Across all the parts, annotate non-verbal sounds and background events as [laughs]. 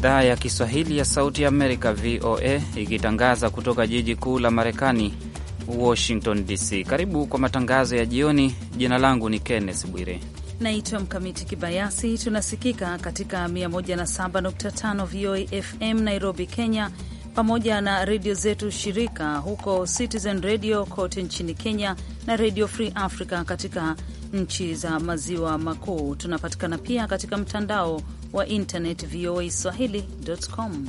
idhaa ya Kiswahili ya Sauti Amerika, VOA, ikitangaza kutoka jiji kuu la Marekani, Washington DC. Karibu kwa matangazo ya jioni. Jina langu ni Kenneth Bwire. Naitwa Mkamiti Kibayasi. Tunasikika katika 107.5 VOA FM Nairobi, Kenya, pamoja na redio zetu shirika huko Citizen Radio kote nchini Kenya na Radio Free Africa katika nchi za maziwa makuu. Tunapatikana pia katika mtandao wa internet voa swahili.com.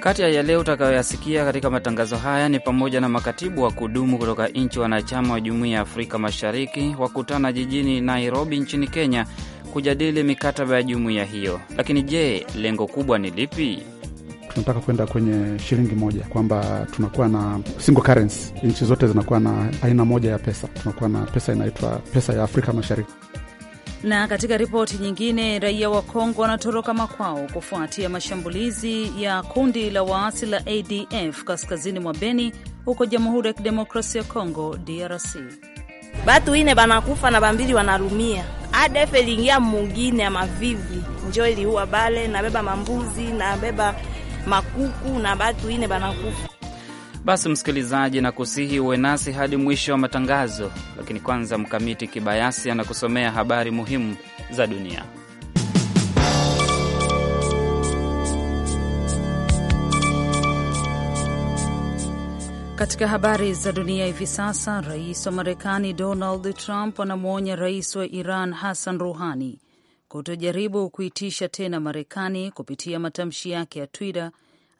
Kati ya yale utakayoyasikia katika matangazo haya ni pamoja na makatibu wa kudumu kutoka nchi wanachama wa Jumuiya ya Afrika Mashariki wakutana jijini Nairobi nchini Kenya kujadili mikataba ya jumuiya hiyo. Lakini je, lengo kubwa ni lipi? Tunataka kwenda kwenye shilingi moja, kwamba tunakuwa na single currency, nchi zote zinakuwa na aina moja ya pesa, tunakuwa na pesa inaitwa pesa ya Afrika Mashariki. Na katika ripoti nyingine, raia wa Kongo wanatoroka makwao kufuatia mashambulizi ya kundi la waasi la ADF kaskazini mwa Beni huko Jamhuri ya Kidemokrasia ya Kongo DRC. Batu ine banakufa na bambili wanarumia. ADF iliingia mugine ya mavivi njo iliua bale, nabeba mambuzi, nabeba makuku na batu ine banakufa basi msikilizaji, na kusihi uwe nasi hadi mwisho wa matangazo, lakini kwanza Mkamiti Kibayasi anakusomea habari muhimu za dunia. Katika habari za dunia hivi sasa, rais wa Marekani Donald Trump anamwonya rais wa Iran Hassan Rouhani kutojaribu kuitisha tena Marekani kupitia matamshi yake ya Twitter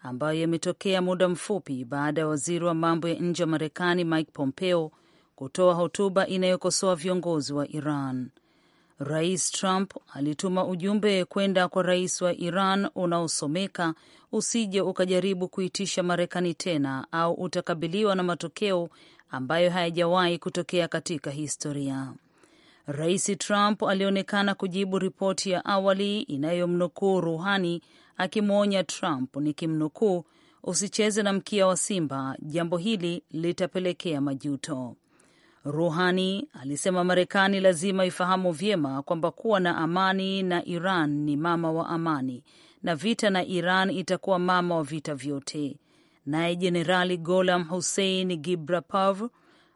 ambayo yametokea muda mfupi baada ya waziri wa mambo ya nje wa Marekani Mike Pompeo kutoa hotuba inayokosoa viongozi wa Iran. Rais Trump alituma ujumbe kwenda kwa rais wa Iran unaosomeka usije ukajaribu kuitisha Marekani tena au utakabiliwa na matokeo ambayo hayajawahi kutokea katika historia. Rais Trump alionekana kujibu ripoti ya awali inayomnukuu Ruhani akimwonya Trump nikimnukuu, usicheze na mkia wa simba, jambo hili litapelekea majuto. Ruhani alisema Marekani lazima ifahamu vyema kwamba kuwa na amani na Iran ni mama wa amani na vita na Iran itakuwa mama wa vita vyote. Naye Jenerali Golam Hussein Gibrapov,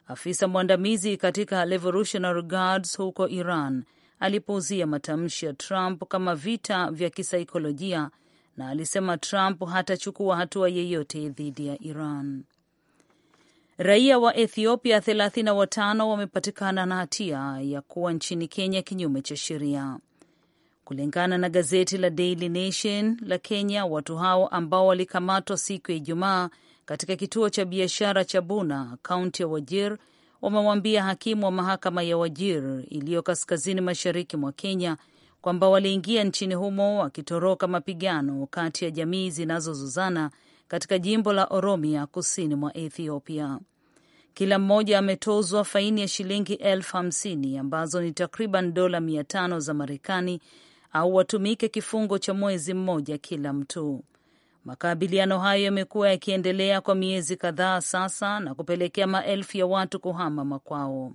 afisa mwandamizi katika Revolutionary Guards huko Iran, alipouzia matamshi ya Trump kama vita vya kisaikolojia na alisema Trump hatachukua hatua yeyote dhidi ya Iran. Raia wa Ethiopia 35 wamepatikana na hatia ya kuwa nchini Kenya kinyume cha sheria, kulingana na gazeti la Daily Nation la Kenya. Watu hao ambao walikamatwa siku ya Ijumaa katika kituo cha biashara cha Buna, kaunti ya Wajir, wamewaambia hakimu wa mahakama ya Wajir iliyo kaskazini mashariki mwa Kenya kwamba waliingia nchini humo wakitoroka mapigano kati ya jamii zinazozozana katika jimbo la Oromia kusini mwa Ethiopia. Kila mmoja ametozwa faini ya shilingi elfu hamsini ambazo ni takriban dola mia tano za Marekani au watumike kifungo cha mwezi mmoja kila mtu. Makabiliano hayo yamekuwa yakiendelea kwa miezi kadhaa sasa na kupelekea maelfu ya watu kuhama makwao.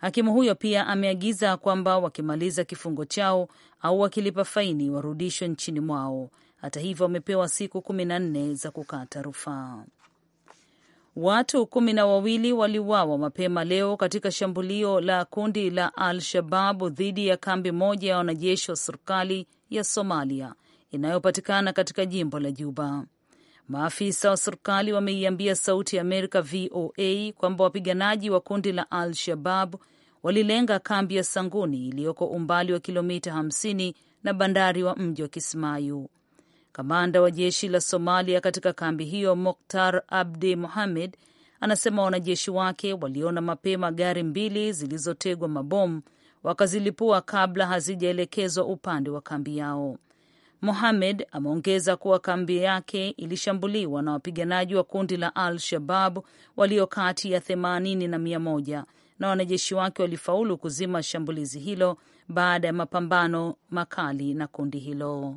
Hakimu huyo pia ameagiza kwamba wakimaliza kifungo chao au wakilipa faini warudishwe nchini mwao. Hata hivyo, wamepewa siku kumi na nne za kukata rufaa. Watu kumi na wawili waliuawa mapema leo katika shambulio la kundi la Al Shababu dhidi ya kambi moja ya wanajeshi wa serikali ya Somalia inayopatikana katika jimbo la Juba. Maafisa wa serikali wameiambia Sauti ya Amerika VOA kwamba wapiganaji wa kundi la Al Shabab walilenga kambi ya Sanguni iliyoko umbali wa kilomita 50 na bandari wa mji wa Kismayu. Kamanda wa jeshi la Somalia katika kambi hiyo Moktar Abdi muhammed anasema wanajeshi wake waliona mapema gari mbili zilizotegwa mabomu wakazilipua kabla hazijaelekezwa upande wa kambi yao. Mohamed ameongeza kuwa kambi yake ilishambuliwa na wapiganaji wa kundi la Al Shabab walio kati ya themanini na mia moja na wanajeshi wake walifaulu kuzima shambulizi hilo baada ya mapambano makali na kundi hilo.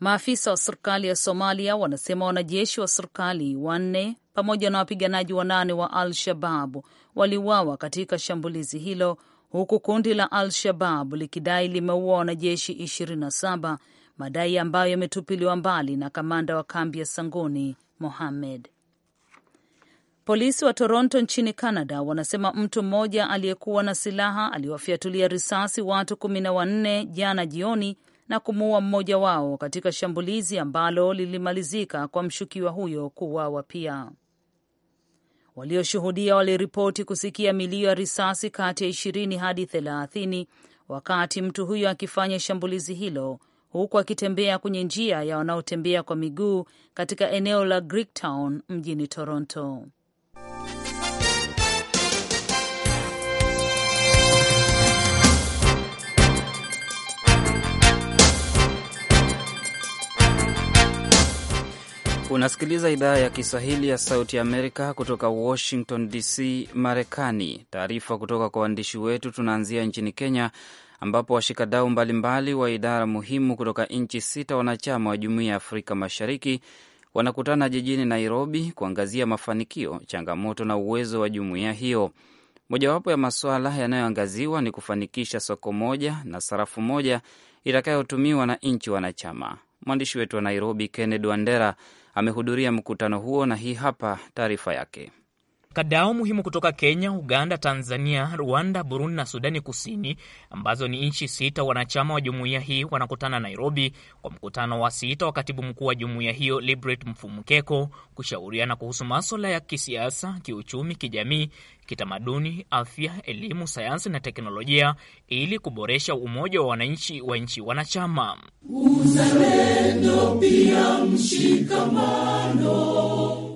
Maafisa wa serikali ya Somalia wanasema wanajeshi wa serikali wanne pamoja na wapiganaji wanane wa Al Shababu waliuawa katika shambulizi hilo huku kundi la Al-Shabab likidai limeua wanajeshi 27, madai ambayo yametupiliwa mbali na kamanda wa kambi ya Sangoni Mohammed. Polisi wa Toronto nchini Canada wanasema mtu mmoja aliyekuwa na silaha aliwafyatulia risasi watu kumi na wanne jana jioni na kumuua mmoja wao katika shambulizi ambalo lilimalizika kwa mshukiwa huyo kuuawa pia. Walioshuhudia waliripoti kusikia milio ya risasi kati ya ishirini hadi thelathini wakati mtu huyo akifanya shambulizi hilo huku akitembea kwenye njia ya wanaotembea kwa miguu katika eneo la Greektown mjini Toronto. Unasikiliza idhaa ya Kiswahili ya Sauti Amerika kutoka Washington DC, Marekani. Taarifa kutoka kwa waandishi wetu, tunaanzia nchini Kenya ambapo washikadau mbalimbali wa idara muhimu kutoka nchi sita wanachama wa Jumuiya ya Afrika Mashariki wanakutana jijini Nairobi kuangazia mafanikio, changamoto na uwezo wa jumuiya hiyo. Mojawapo ya masuala yanayoangaziwa ni kufanikisha soko moja na sarafu moja itakayotumiwa na nchi wanachama. Mwandishi wetu wa Nairobi, Kennedy Wandera, amehudhuria mkutano huo na hii hapa taarifa yake. Kadao muhimu kutoka Kenya, Uganda, Tanzania, Rwanda, Burundi na Sudani Kusini, ambazo ni nchi sita wanachama wa jumuiya hii, wanakutana Nairobi kwa mkutano wa sita wa katibu mkuu wa jumuiya hiyo Libret Mfumukeko kushauriana kuhusu maswala ya kisiasa, kiuchumi, kijamii, kitamaduni, afya, elimu, sayansi na teknolojia ili kuboresha umoja wa wananchi wa nchi wanachama. Uzalendo pia mshikamano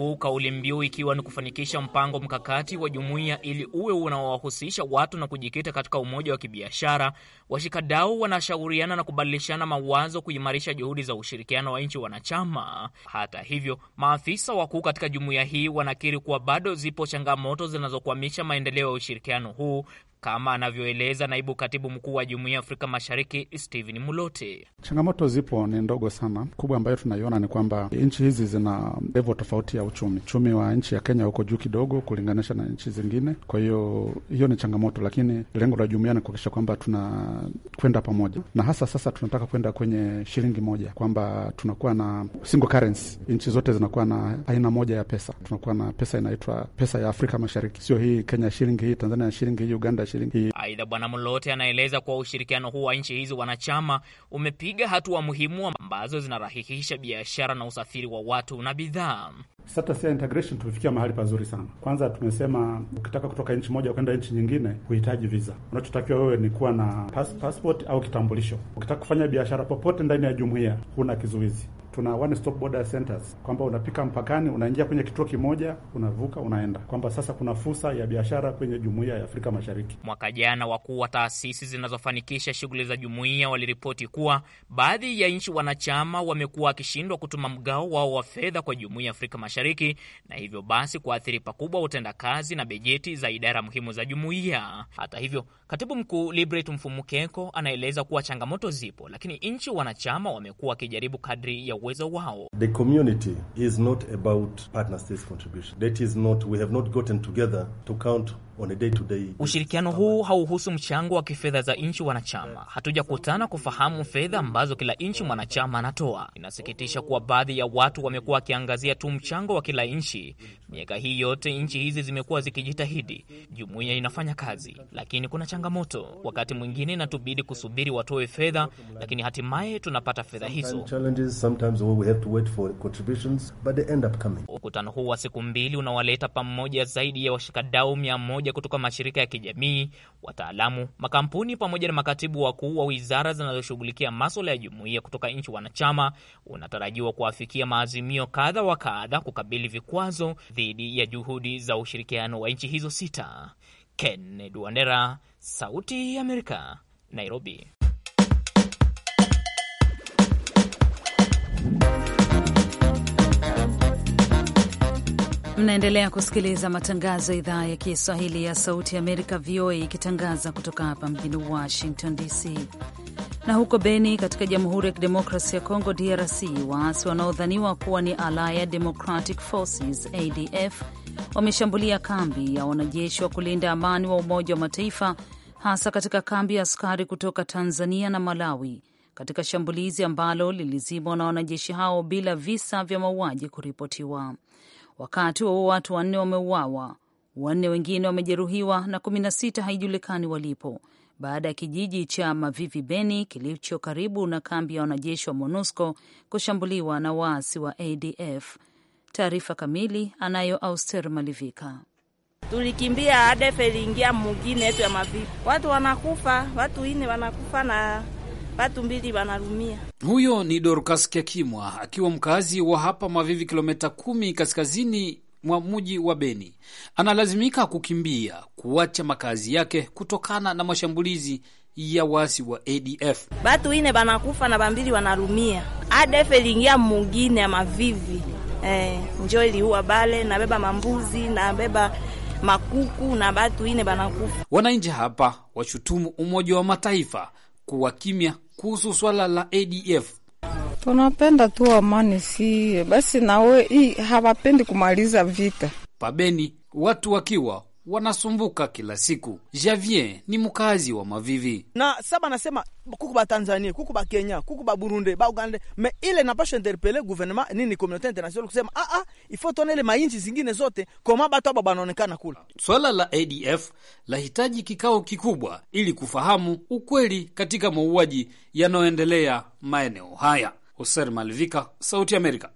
kuu kauli mbiu ikiwa ni kufanikisha mpango mkakati wa jumuiya ili uwe unaowahusisha watu na kujikita katika umoja wa kibiashara. Washikadau wanashauriana na kubadilishana mawazo kuimarisha juhudi za ushirikiano wa nchi wanachama. Hata hivyo, maafisa wakuu katika jumuiya hii wanakiri kuwa bado zipo changamoto zinazokwamisha maendeleo ya ushirikiano huu kama anavyoeleza naibu katibu mkuu wa jumuiya ya Afrika Mashariki Stephen Mulote. Changamoto zipo ni ndogo sana. Kubwa ambayo tunaiona ni kwamba nchi hizi zina levo tofauti ya uchumi. Uchumi wa nchi ya Kenya uko juu kidogo kulinganisha na nchi zingine, kwa hiyo hiyo ni changamoto, lakini lengo la jumuiya ni kuhakikisha kwamba tunakwenda pamoja, na hasa sasa tunataka kwenda kwenye shilingi moja, kwamba tunakuwa na single currency, nchi zote zinakuwa na aina moja ya pesa. Tunakuwa na pesa inaitwa pesa ya Afrika Mashariki, sio hii Kenya shilingi, hii Tanzania shilingi, hii Uganda shilingi. Aidha, Bwana Mlote anaeleza kuwa ushirikiano huu wa nchi hizi wanachama umepiga hatua muhimu ambazo zinarahihisha biashara na usafiri wa watu na bidhaa. Status ya integration tumefikia mahali pazuri sana. Kwanza tumesema ukitaka kutoka nchi moja kwenda nchi nyingine huhitaji visa. Unachotakiwa wewe ni kuwa na pas passport au kitambulisho. Ukitaka kufanya biashara popote ndani ya jumuiya huna kizuizi tuna one stop border centers, kwamba unapika mpakani, unaingia kwenye kituo kimoja, unavuka, unaenda, kwamba sasa kuna fursa ya biashara kwenye jumuiya ya Afrika Mashariki. Mwaka jana wakuu wa taasisi zinazofanikisha shughuli za jumuiya waliripoti kuwa baadhi ya nchi wanachama wamekuwa wakishindwa kutuma mgao wao wa fedha kwa jumuiya ya Afrika Mashariki, na hivyo basi kuathiri pakubwa utendakazi na bejeti za idara muhimu za jumuiya. Hata hivyo, katibu mkuu Libret Mfumukeko anaeleza kuwa changamoto zipo, lakini nchi wanachama wamekuwa wakijaribu kadri ya uwezo wao. The community is not about partner states contribution. That is not, we have not gotten together to count Ushirikiano huu hauhusu mchango wa kifedha za nchi wanachama. Hatujakutana kufahamu fedha ambazo kila nchi mwanachama anatoa. Inasikitisha kuwa baadhi ya watu wamekuwa wakiangazia tu mchango wa kila nchi. Miaka hii yote nchi hizi zimekuwa zikijitahidi, jumuiya inafanya kazi, lakini kuna changamoto. Wakati mwingine inatubidi kusubiri watoe fedha, lakini hatimaye tunapata fedha hizo. Mkutano huu wa siku mbili unawaleta pamoja zaidi ya washikadau mia moja moja kutoka mashirika ya kijamii, wataalamu, makampuni pamoja na makatibu wakuu wa wizara zinazoshughulikia maswala ya jumuiya kutoka nchi wanachama unatarajiwa kuafikia maazimio kadha wa kadha kukabili vikwazo dhidi ya juhudi za ushirikiano wa nchi hizo sita. Kennedy Wandera, Sauti ya Amerika, Nairobi. Mnaendelea kusikiliza matangazo ya idhaa ya Kiswahili ya Sauti ya Amerika, VOA, ikitangaza kutoka hapa mjini Washington DC. Na huko Beni katika Jamhuri ya Kidemokrasi ya Kongo, DRC, waasi wanaodhaniwa kuwa ni Allied Democratic Forces, ADF, wameshambulia kambi ya wanajeshi wa kulinda amani wa Umoja wa Mataifa, hasa katika kambi ya askari kutoka Tanzania na Malawi, katika shambulizi ambalo lilizimwa na wanajeshi hao bila visa vya mauaji kuripotiwa. Wakati wa watu wanne wameuawa, wanne wengine wamejeruhiwa na kumi na sita haijulikani walipo baada ya kijiji cha Mavivi Beni kilicho karibu na kambi ya wanajeshi wa MONUSCO kushambuliwa na waasi wa ADF. Taarifa kamili anayo Auster Malivika. Tulikimbia ADF iliingia mugine yetu ya Mavivi, watu wanakufa, watu ine wanakufa na watu mbili wanarumia. Huyo ni Dorcas Kyakimwa akiwa mkazi wa hapa Mavivi, kilomita kumi kaskazini mwa mji wa Beni. Analazimika kukimbia kuacha makazi yake kutokana na mashambulizi ya wasi wa ADF. Batu ine banakufa na bambili wanarumia. ADF elingia mungine ya Mavivi eh, njo iliua bale nabeba mambuzi nabeba makuku na batu ine banakufa. Wananchi hapa washutumu Umoja wa Mataifa kuwa kimya kuhusu swala la ADF. Tunapenda tu amani, si basi nawe hawapendi kumaliza vita pabeni, watu wakiwa wanasumbuka kila siku. Javier ni mkazi wa Mavivi na saba anasema kuku ba Tanzania, kuku ba Kenya, kuku ba Burundi, ba Uganda me ile napasha interpele guvernema nini komunote internationale kusema ah ah, ifo tona ile mainchi zingine zote koma batu aba banaonekana kula Swala la ADF lahitaji kikao kikubwa ili kufahamu ukweli katika mauaji yanayoendelea maeneo haya. Hoser Malvika, Sauti Amerika.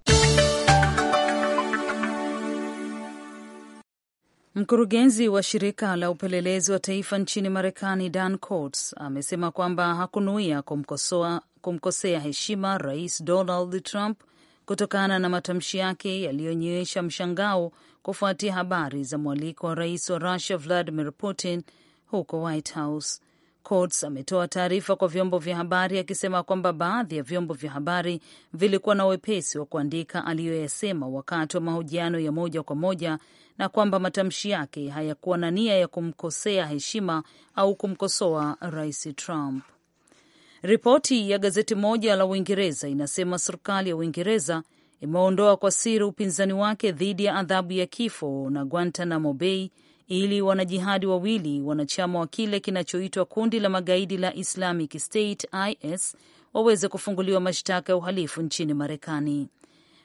Mkurugenzi wa shirika la upelelezi wa taifa nchini Marekani, Dan Coats, amesema kwamba hakunuia kumkosoa, kumkosea heshima Rais Donald Trump kutokana na matamshi yake yaliyonyesha mshangao kufuatia habari za mwaliko wa rais wa Russia Vladimir Putin huko White House. Coats ametoa taarifa kwa vyombo vya habari akisema kwamba baadhi ya vyombo vya habari vilikuwa na wepesi wa kuandika aliyoyasema wakati wa mahojiano ya moja kwa moja na kwamba matamshi yake hayakuwa na nia ya kumkosea heshima au kumkosoa Rais Trump. Ripoti ya gazeti moja la Uingereza inasema serikali ya Uingereza imeondoa kwa siri upinzani wake dhidi ya adhabu ya kifo na Guantanamo Bay ili wanajihadi wawili wanachama wa kile kinachoitwa kundi la magaidi la Islamic State IS waweze kufunguliwa mashtaka ya uhalifu nchini Marekani.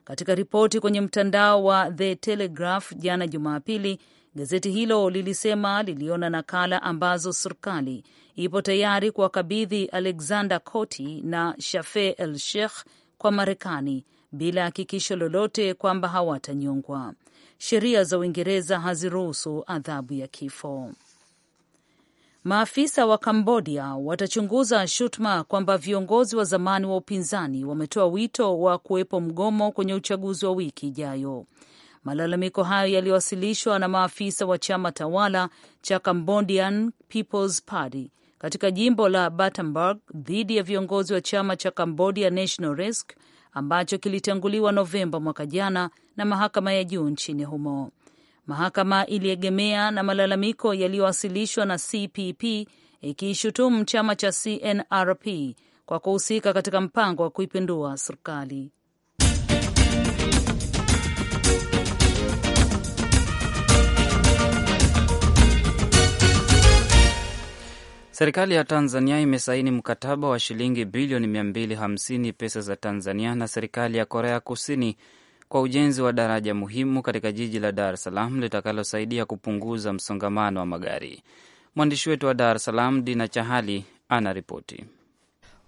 Katika ripoti kwenye mtandao wa The Telegraph jana Jumapili, gazeti hilo lilisema liliona nakala ambazo serikali ipo tayari kuwakabidhi Alexander Coti na Shafe El Sheikh kwa Marekani bila hakikisho lolote kwamba hawatanyongwa. Sheria za Uingereza haziruhusu adhabu ya kifo. Maafisa wa Kambodia watachunguza shutuma kwamba viongozi wa zamani wa upinzani wametoa wito wa kuwepo mgomo kwenye uchaguzi wa wiki ijayo. Malalamiko hayo yaliwasilishwa na maafisa wa chama tawala cha Cambodian People's Party katika jimbo la Battambang dhidi ya viongozi wa chama cha Cambodia National Rescue ambacho kilitanguliwa Novemba mwaka jana na mahakama ya juu nchini humo. Mahakama iliegemea na malalamiko yaliyowasilishwa na CPP ikiishutumu chama cha CNRP kwa kuhusika katika mpango wa kuipindua serikali. Serikali ya Tanzania imesaini mkataba wa shilingi bilioni 250 pesa za Tanzania na serikali ya Korea Kusini kwa ujenzi wa daraja muhimu katika jiji la Dar es Salaam litakalosaidia kupunguza msongamano wa magari. Mwandishi wetu wa Dar es Salaam Dina Chahali anaripoti.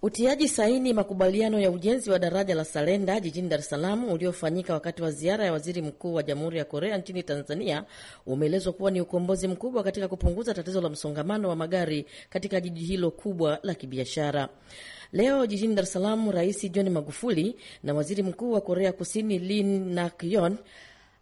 Utiaji saini makubaliano ya ujenzi wa daraja la Salenda jijini Dar es Salaam uliofanyika wakati wa ziara ya waziri mkuu wa Jamhuri ya Korea nchini Tanzania umeelezwa kuwa ni ukombozi mkubwa katika kupunguza tatizo la msongamano wa magari katika jiji hilo kubwa la kibiashara. Leo jijini Dar es Salaam, Rais John Magufuli na Waziri Mkuu wa Korea Kusini Lee nak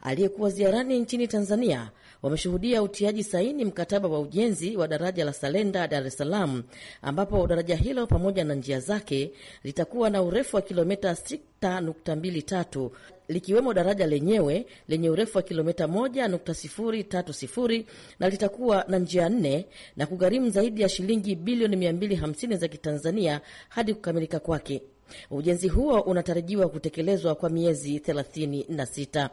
aliyekuwa ziarani nchini Tanzania wameshuhudia utiaji saini mkataba wa ujenzi wa daraja la Salenda Dar es Salaam, ambapo daraja hilo pamoja na njia zake litakuwa na urefu wa kilomita 6.23 likiwemo daraja lenyewe lenye urefu wa kilomita 1.030 na litakuwa na njia nne na kugharimu zaidi ya shilingi bilioni 250 za Kitanzania hadi kukamilika kwake. Ujenzi huo unatarajiwa kutekelezwa kwa miezi 36.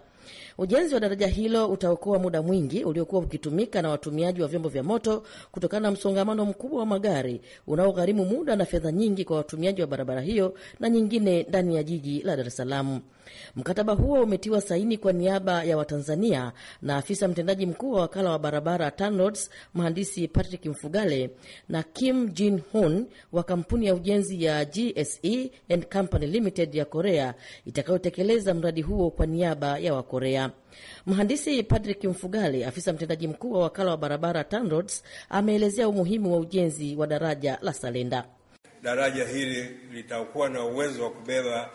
Ujenzi wa daraja hilo utaokoa muda mwingi uliokuwa ukitumika na watumiaji wa vyombo vya moto kutokana na msongamano mkubwa wa magari unaogharimu muda na fedha nyingi kwa watumiaji wa barabara hiyo na nyingine ndani ya jiji la Dar es Salaam. Mkataba huo umetiwa saini kwa niaba ya Watanzania na afisa mtendaji mkuu wa wakala wa barabara TANROADS mhandisi Patrick Mfugale na Kim Jin Hun wa kampuni ya ujenzi ya GSE and Company Limited ya Korea itakayotekeleza mradi huo kwa niaba ya wako Korea. Mhandisi Patrick Mfugale, afisa mtendaji mkuu wa wakala wa barabara TANROADS, ameelezea umuhimu wa ujenzi wa daraja la Salenda. Daraja hili litakuwa na uwezo wa kubeba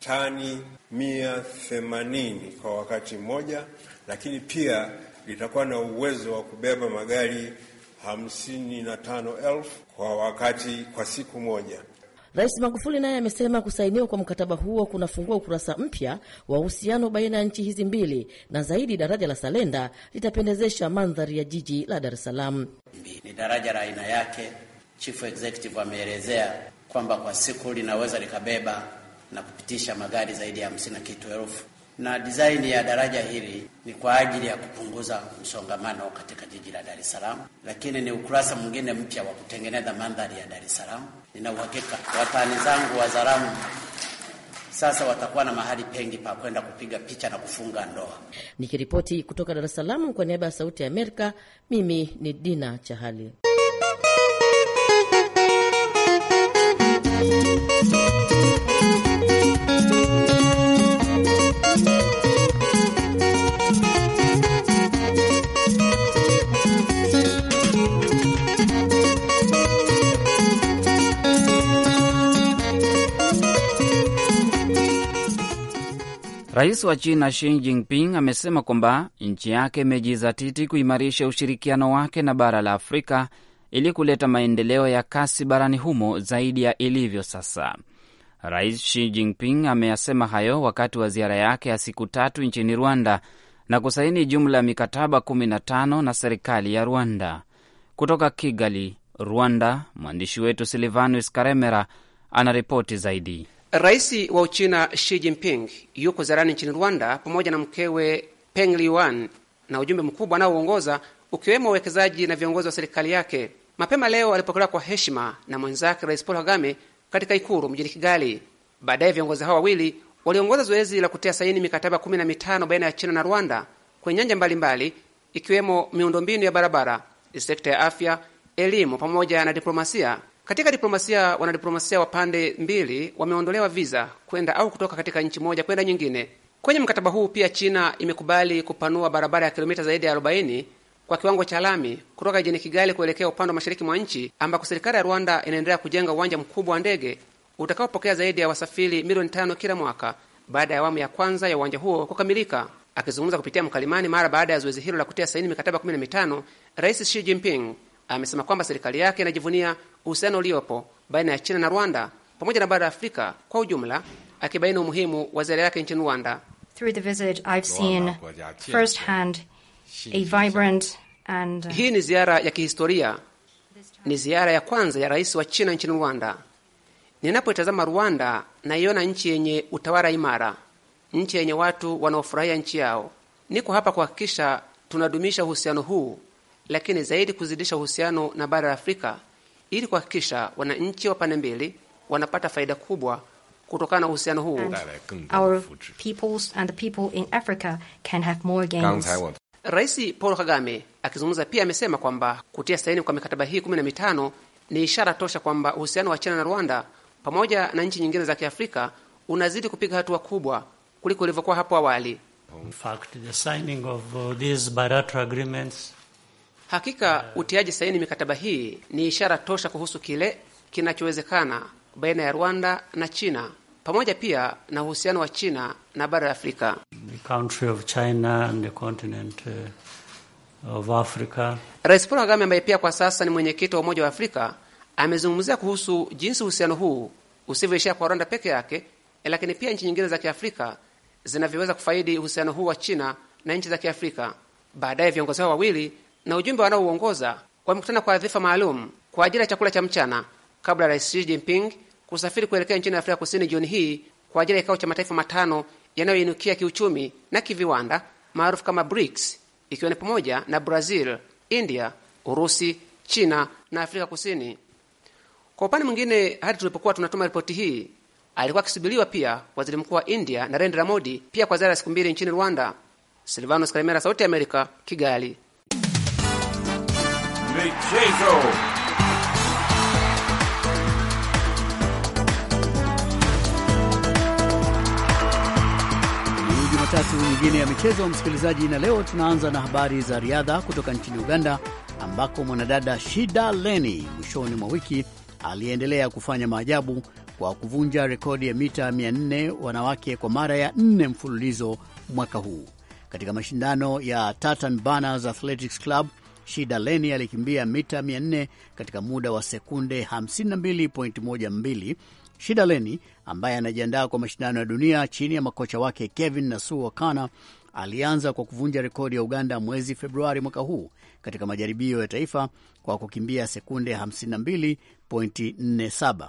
tani mia themanini kwa wakati mmoja, lakini pia litakuwa na uwezo wa kubeba magari hamsini na tano elfu kwa wakati kwa siku moja. Rais Magufuli naye amesema kusainiwa kwa mkataba huo kunafungua ukurasa mpya wa uhusiano baina ya nchi hizi mbili, na zaidi daraja la Salenda litapendezesha mandhari ya jiji la Dar es Salaam. Ni daraja la aina yake. Chief executive ameelezea kwamba kwa siku linaweza likabeba na kupitisha magari zaidi ya hamsini na kitu elfu na design ya daraja hili ni kwa ajili ya kupunguza msongamano katika jiji la Dar es Salaam, lakini ni ukurasa mwingine mpya wa kutengeneza mandhari ya Dar es Salaam. Nina uhakika watani zangu Wazaramu sasa watakuwa na mahali pengi pa kwenda kupiga picha na kufunga ndoa. Nikiripoti kutoka Dar es Salaam kwa niaba ya Sauti ya Amerika, mimi ni Dina Chahali. Rais wa China Xi Jinping amesema kwamba nchi yake imejizatiti kuimarisha ushirikiano wake na bara la Afrika ili kuleta maendeleo ya kasi barani humo zaidi ya ilivyo sasa. Rais Xi Jinping ameyasema hayo wakati wa ziara yake ya siku tatu nchini Rwanda na kusaini jumla ya mikataba 15 na serikali ya Rwanda. Kutoka Kigali, Rwanda, mwandishi wetu Silvanus Karemera anaripoti zaidi. Rais wa Uchina Xi Jinping yuko ziarani nchini Rwanda pamoja na mkewe Peng Liyuan na ujumbe mkubwa anaouongoza ukiwemo wawekezaji na viongozi wa serikali yake. Mapema leo alipokelewa kwa heshima na mwenzake Rais Paul Kagame katika ikulu mjini Kigali. Baadaye viongozi hao wawili waliongoza zoezi la kutia saini mikataba kumi na mitano baina ya China na Rwanda kwenye nyanja mbalimbali ikiwemo miundombinu ya barabara, sekta ya afya, elimu pamoja na diplomasia. Katika diplomasia, wanadiplomasia wa pande mbili wameondolewa viza kwenda au kutoka katika nchi moja kwenda nyingine. Kwenye mkataba huu pia China imekubali kupanua barabara ya kilomita zaidi ya 40 kwa kiwango cha lami kutoka jijini Kigali kuelekea upande wa mashariki mwa nchi ambako serikali ya Rwanda inaendelea kujenga uwanja mkubwa wa ndege utakaopokea zaidi ya wasafiri milioni tano kila mwaka baada ya awamu ya kwanza ya uwanja huo kukamilika. Akizungumza kupitia mkalimani mara baada ya zoezi hilo la kutia saini mikataba 15, Rais Xi Jinping amesema kwamba serikali yake inajivunia uhusiano uliopo baina ya China na Rwanda pamoja na bara la Afrika kwa ujumla, akibaini umuhimu wa ziara yake nchini Rwanda. Uh, Hii ni ziara ya kihistoria, ni ziara ya kwanza ya rais wa China nchini Rwanda. Ninapoitazama Rwanda naiona nchi yenye utawala imara, nchi yenye watu wanaofurahia nchi yao. Niko hapa kuhakikisha tunadumisha uhusiano huu lakini zaidi kuzidisha uhusiano na bara la Afrika ili kuhakikisha wananchi wa pande mbili wanapata faida kubwa kutokana na uhusiano huu. Rais Paul Kagame akizungumza pia amesema kwamba kutia saini kwa mikataba hii kumi na mitano ni ishara tosha kwamba uhusiano wa China na Rwanda pamoja na nchi nyingine za Kiafrika unazidi kupiga hatua kubwa kuliko ilivyokuwa hapo awali. In fact, the signing of uh, these bilateral agreements Hakika eh. utiaji saini mikataba hii ni ishara tosha kuhusu kile kinachowezekana baina ya Rwanda na China pamoja pia na uhusiano wa China na bara la Afrika. Eh, Rais Paul Kagame ambaye pia kwa sasa ni mwenyekiti wa Umoja wa Afrika amezungumzia kuhusu jinsi uhusiano huu usivyoishia kwa Rwanda peke yake, lakini pia nchi nyingine za Kiafrika zinavyoweza kufaidi uhusiano huu wa China na nchi za Kiafrika. Baadaye viongozi hao wawili na ujumbe wanaouongoza wamekutana kwa dhifa maalum kwa ajili ya chakula cha mchana kabla ya Rais Xi Jinping kusafiri kuelekea nchini Afrika Kusini Juni hii kwa ajili ya kikao cha mataifa matano yanayoinukia kiuchumi na kiviwanda maarufu kama BRICS, ikiwa ni pamoja na Brazil, India, Urusi, China na Afrika Kusini. Kwa upande mwingine, hadi tulipokuwa tunatuma ripoti hii, alikuwa akisubiriwa pia waziri mkuu wa India Narendra Modi pia kwa ziara ya siku mbili nchini Rwanda. Silvanos Kalemera, Sauti ya Amerika, Kigali michezo. Ni Jumatatu nyingine ya michezo, msikilizaji, na leo tunaanza na habari za riadha kutoka nchini Uganda ambako mwanadada Shida Leni mwishoni mwa wiki aliendelea kufanya maajabu kwa kuvunja rekodi ya mita 400 wanawake kwa mara ya nne mfululizo mwaka huu katika mashindano ya Tartan Banners Athletics Club Shida Leni alikimbia mita 400 katika muda wa sekunde 52.12. Shida Leni ambaye anajiandaa kwa mashindano ya dunia chini ya makocha wake Kevin na Sue Wakana alianza kwa kuvunja rekodi ya Uganda mwezi Februari mwaka huu katika majaribio ya taifa kwa kukimbia sekunde 52.47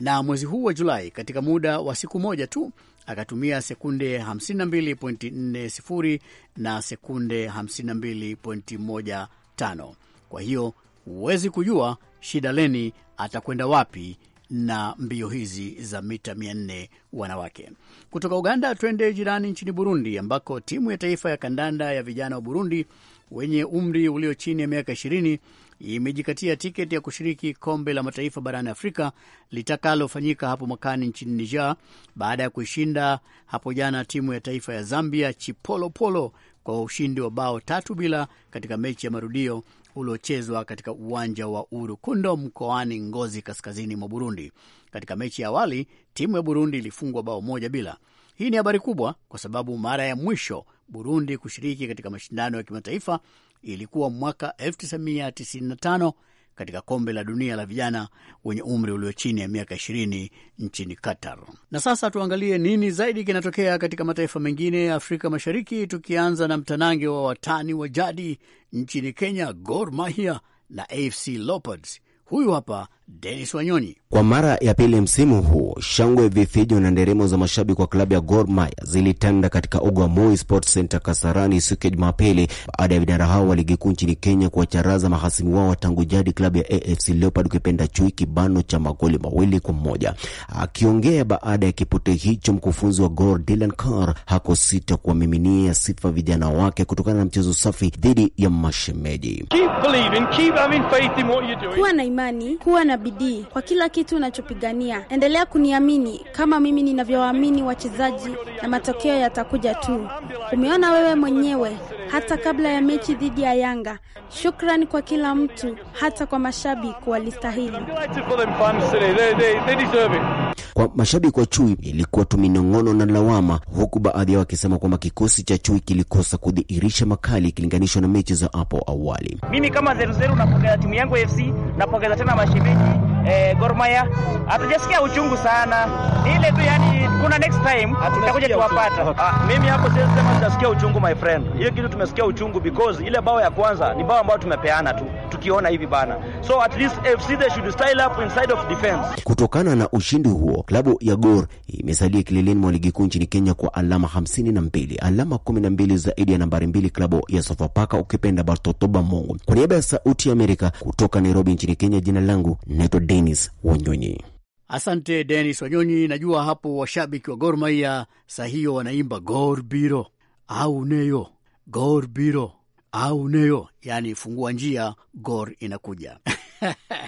na mwezi huu wa Julai katika muda wa siku moja tu akatumia sekunde 52.40 na sekunde 52.1 tano. Kwa hiyo huwezi kujua shida leni atakwenda wapi na mbio hizi za mita 400 wanawake. Kutoka Uganda twende jirani nchini Burundi, ambako timu ya taifa ya kandanda ya vijana wa Burundi wenye umri ulio chini ya miaka 20 imejikatia tiketi ya kushiriki kombe la mataifa barani Afrika litakalofanyika hapo mwakani nchini Niger baada ya kuishinda hapo jana timu ya taifa ya Zambia Chipolopolo kwa ushindi wa bao tatu bila katika mechi ya marudio uliochezwa katika uwanja wa Urukundo mkoani Ngozi, kaskazini mwa Burundi. Katika mechi ya awali timu ya Burundi ilifungwa bao moja bila. Hii ni habari kubwa kwa sababu mara ya mwisho Burundi kushiriki katika mashindano ya kimataifa ilikuwa mwaka 1995 katika kombe la dunia la vijana wenye umri ulio chini ya miaka 20 nchini Qatar. Na sasa tuangalie nini zaidi kinatokea katika mataifa mengine ya Afrika Mashariki, tukianza na mtanange wa watani wa jadi nchini Kenya, Gor Mahia na AFC Leopards. Huyu hapa Denis Wanyoni. Kwa mara ya pili msimu huu, shangwe, vifijo na nderemo za mashabiki wa klabu ya Gor Mahia zilitanda katika uga wa Moi Sports Center Kasarani siku ya Jumapili baada ya vinara hao wa ligi kuu nchini Kenya kuwacharaza mahasimu wao tangu jadi klabu ya AFC Leopards ukipenda chui kibano cha magoli mawili kwa moja. Akiongea baada ya kipote hicho, mkufunzi wa Gor Dylan Carr hakusita kuwamiminia sifa vijana wake kutokana na mchezo safi dhidi ya mashemeji. Keep believing, keep having faith in what you're doing. Kuwa na imani, kuwa na na bidii kwa kila kitu unachopigania. Endelea kuniamini kama mimi ninavyowaamini wachezaji, na matokeo yatakuja tu. Umeona wewe mwenyewe, hata kabla ya mechi dhidi ya Yanga. Shukrani kwa kila mtu, hata kwa mashabiki walistahili. Kwa mashabiki wa Chui ilikuwa tu minong'ono na lawama, huku baadhi yao wakisema kwamba kikosi cha Chui kilikosa kudhihirisha makali ikilinganishwa na mechi za hapo awali. Mimi kama zeruzeru napongeza timu yangu AFC, napongeza tena mashabiki eh, Gor Mahia hatujasikia uchungu sana, ile tu yani, kuna next time tutakuja tuwapata. Ah, mimi hapo siwezi sema sijasikia uchungu my friend, ile kitu tumesikia uchungu because ile bao ya kwanza ni bao ambayo tumepeana tu tukiona hivi bana, so at least FC they should style up inside of defense. Kutokana na ushindi huo, klabu ya Gor imesalia kileleni mwa ligi kuu nchini Kenya kwa alama 52, alama 12 zaidi ya nambari mbili klabu ya Sofapaka, ukipenda Bartotoba Mungu. Kwa niaba ya Sauti ya Amerika kutoka Nairobi nchini Kenya, jina langu naitwa Denis Wanyonyi. Asante Denis Wanyonyi. Najua hapo washabiki wa Gor Mahia saa hiyo wanaimba Gor Biro au neyo, Gor Biro au neyo, yaani fungua njia, Gor inakuja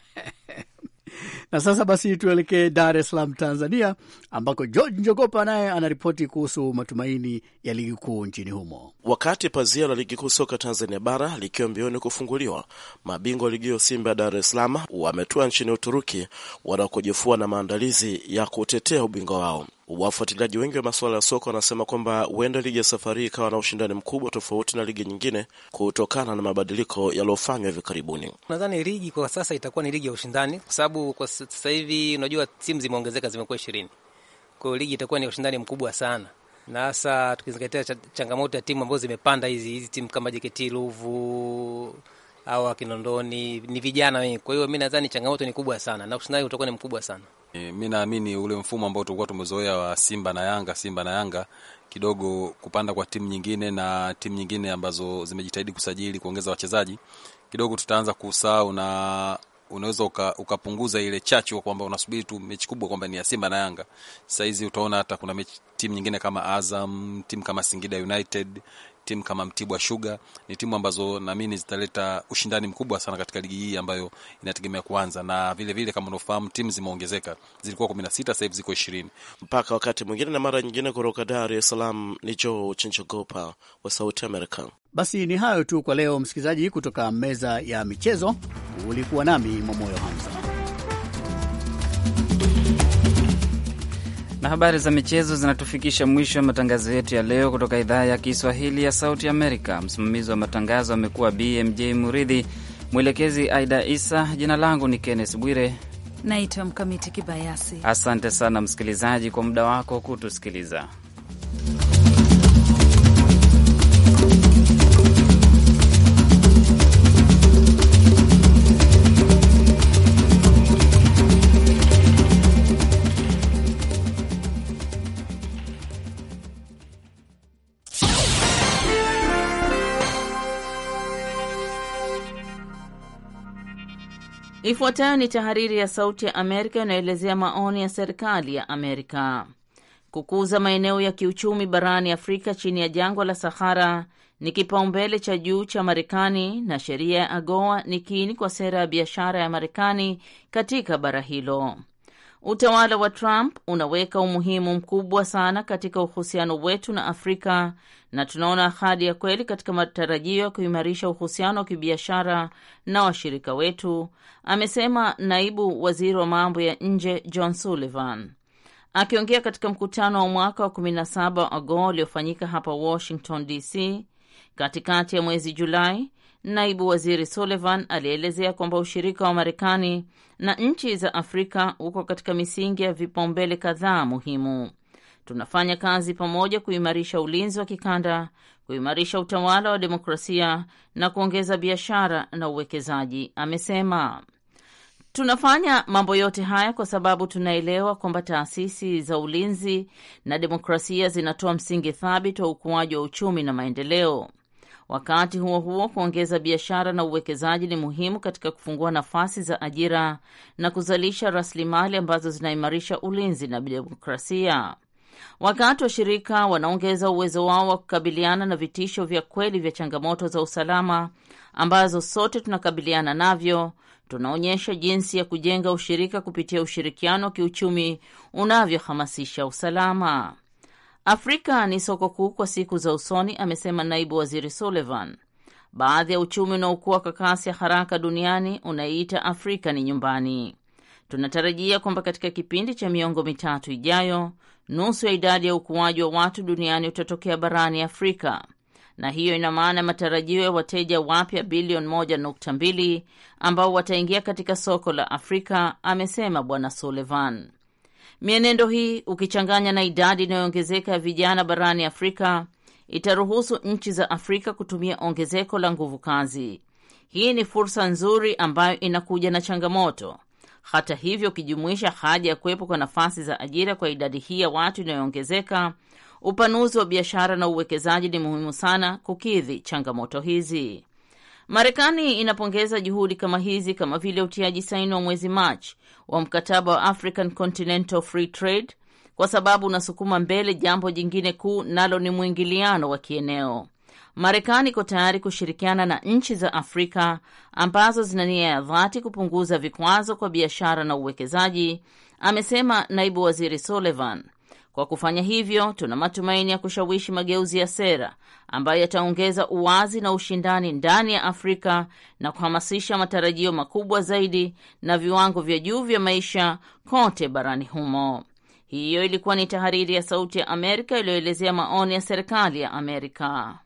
[laughs] [laughs] Na sasa basi tuelekee Dar es Salaam, Tanzania, ambako George Njogopa naye anaripoti kuhusu matumaini ya ligi kuu nchini humo. Wakati pazia la ligi kuu soka Tanzania bara likiwa mbioni kufunguliwa, mabingwa wa ligi hiyo Simba ya Dar es Salaam wametua nchini Uturuki wanakojifua na maandalizi ya kutetea ubingwa wao. Wafuatiliaji wengi wa masuala ya soka wanasema kwamba huenda ligi ya safari ikawa na ushindani mkubwa tofauti na ligi nyingine kutokana na mabadiliko yaliyofanywa hivi karibuni. Nadhani ligi kwa sasa itakuwa ni ligi ya ushindani, kwa sababu kwa sasa hivi unajua timu zimeongezeka, zimekuwa ishirini. Kwa hiyo ligi itakuwa ni ushindani mkubwa sana, na hasa tukizingatia changamoto ya timu ambazo zimepanda hizi hizi timu kama JKT Ruvu au Kinondoni, ni vijana wengi. Kwa hiyo mi nadhani changamoto ni kubwa sana na ushindani utakuwa ni mkubwa sana. Eh, mi naamini ule mfumo ambao tulikuwa tumezoea wa Simba na Yanga, Simba na Yanga kidogo kupanda kwa timu nyingine na timu nyingine ambazo zimejitahidi kusajili kuongeza wachezaji kidogo, tutaanza kusahau na unaweza uka, ukapunguza ile chachu kwamba unasubiri tu mechi kubwa kwamba ni ya Simba na Yanga. Sasa hizi utaona hata kuna mechi, timu nyingine kama Azam, timu kama Singida United, timu kama Mtibwa Sugar ni timu ambazo naamini zitaleta ushindani mkubwa sana katika ligi hii ambayo inategemea kuanza, na vile vile kama unaofahamu timu zimeongezeka, zilikuwa 16 sasa hivi ziko 20. Mpaka wakati mwingine na mara nyingine. Kutoka Dar es Salaam ni Joe Chinchogopa wa Sauti America. Basi ni hayo tu kwa leo, msikilizaji. Kutoka meza ya michezo ulikuwa nami Momoyo Hamza. Na habari za michezo zinatufikisha mwisho wa matangazo yetu ya leo kutoka idhaa ya Kiswahili ya Sauti Amerika. Msimamizi wa matangazo amekuwa BMJ Muridhi, mwelekezi Aida Isa. Jina langu ni Kenneth Bwire, naitwa Mkamiti Kibayasi. Asante sana msikilizaji kwa muda wako kutusikiliza. Ifuatayo ni tahariri ya Sauti ya Amerika inayoelezea maoni ya serikali ya Amerika. Kukuza maeneo ya kiuchumi barani Afrika chini ya jangwa la Sahara ni kipaumbele cha juu cha Marekani na sheria ya AGOA ni kiini kwa sera ya biashara ya Marekani katika bara hilo. Utawala wa Trump unaweka umuhimu mkubwa sana katika uhusiano wetu na Afrika na tunaona ahadi ya kweli katika matarajio ya kuimarisha uhusiano wa kibiashara na washirika wetu, amesema naibu waziri wa mambo ya nje John Sullivan akiongea katika mkutano wa mwaka wa 17 wa AGOA uliofanyika hapa Washington DC katikati ya mwezi Julai. Naibu Waziri Sullivan alielezea kwamba ushirika wa Marekani na nchi za Afrika uko katika misingi ya vipaumbele kadhaa muhimu. Tunafanya kazi pamoja kuimarisha ulinzi wa kikanda, kuimarisha utawala wa demokrasia na kuongeza biashara na uwekezaji, amesema. Tunafanya mambo yote haya kwa sababu tunaelewa kwamba taasisi za ulinzi na demokrasia zinatoa msingi thabiti wa ukuaji wa uchumi na maendeleo. Wakati huo huo, kuongeza biashara na uwekezaji ni muhimu katika kufungua nafasi za ajira na kuzalisha rasilimali ambazo zinaimarisha ulinzi na demokrasia. Wakati washirika wanaongeza uwezo wao wa kukabiliana na vitisho vya kweli vya changamoto za usalama ambazo sote tunakabiliana navyo, tunaonyesha jinsi ya kujenga ushirika kupitia ushirikiano wa kiuchumi unavyohamasisha usalama. Afrika ni soko kuu kwa siku za usoni, amesema naibu waziri Sullivan. Baadhi ya uchumi unaokuwa kwa kasi ya haraka duniani unaiita Afrika ni nyumbani. Tunatarajia kwamba katika kipindi cha miongo mitatu ijayo, nusu ya idadi ya ukuaji wa watu duniani utatokea barani Afrika, na hiyo ina maana matarajio ya wateja wapya bilioni moja nukta mbili ambao wataingia katika soko la Afrika, amesema Bwana Sullivan. Mienendo hii ukichanganya na idadi inayoongezeka ya vijana barani Afrika itaruhusu nchi za Afrika kutumia ongezeko la nguvu kazi. Hii ni fursa nzuri ambayo inakuja na changamoto. Hata hivyo, ukijumuisha haja ya kuwepo kwa nafasi za ajira kwa idadi hii ya watu inayoongezeka, upanuzi wa biashara na uwekezaji ni muhimu sana kukidhi changamoto hizi. Marekani inapongeza juhudi kama hizi kama vile utiaji saini wa mwezi Machi wa mkataba wa African Continental Free Trade kwa sababu unasukuma mbele jambo jingine kuu, nalo ni mwingiliano wa kieneo. Marekani iko tayari kushirikiana na nchi za Afrika ambazo zina nia ya dhati kupunguza vikwazo kwa biashara na uwekezaji, amesema naibu waziri Sullivan. Kwa kufanya hivyo, tuna matumaini ya kushawishi mageuzi ya sera ambayo yataongeza uwazi na ushindani ndani ya Afrika na kuhamasisha matarajio makubwa zaidi na viwango vya juu vya maisha kote barani humo. Hiyo ilikuwa ni tahariri ya Sauti ya Amerika iliyoelezea maoni ya serikali ya Amerika.